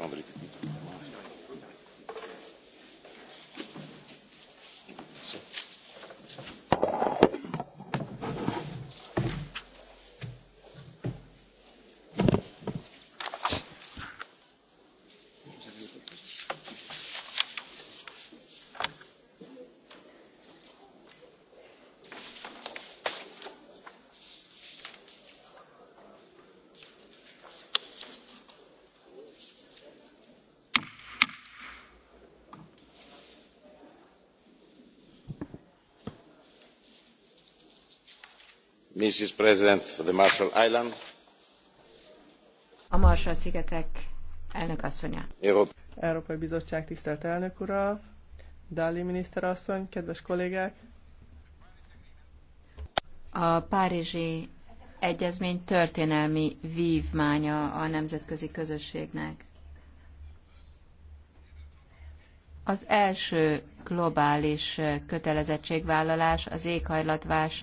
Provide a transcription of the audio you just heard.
Amerika. Mrs. President of the Marshall Islands. A Marshall szigetek elnök asszonya. Európai Bizottság tisztelt elnök ura, miniszter asszony, kedves kollégák! A Párizsi Egyezmény történelmi vívmánya a nemzetközi közösségnek. Az első globális kötelezettségvállalás az éghajlatválság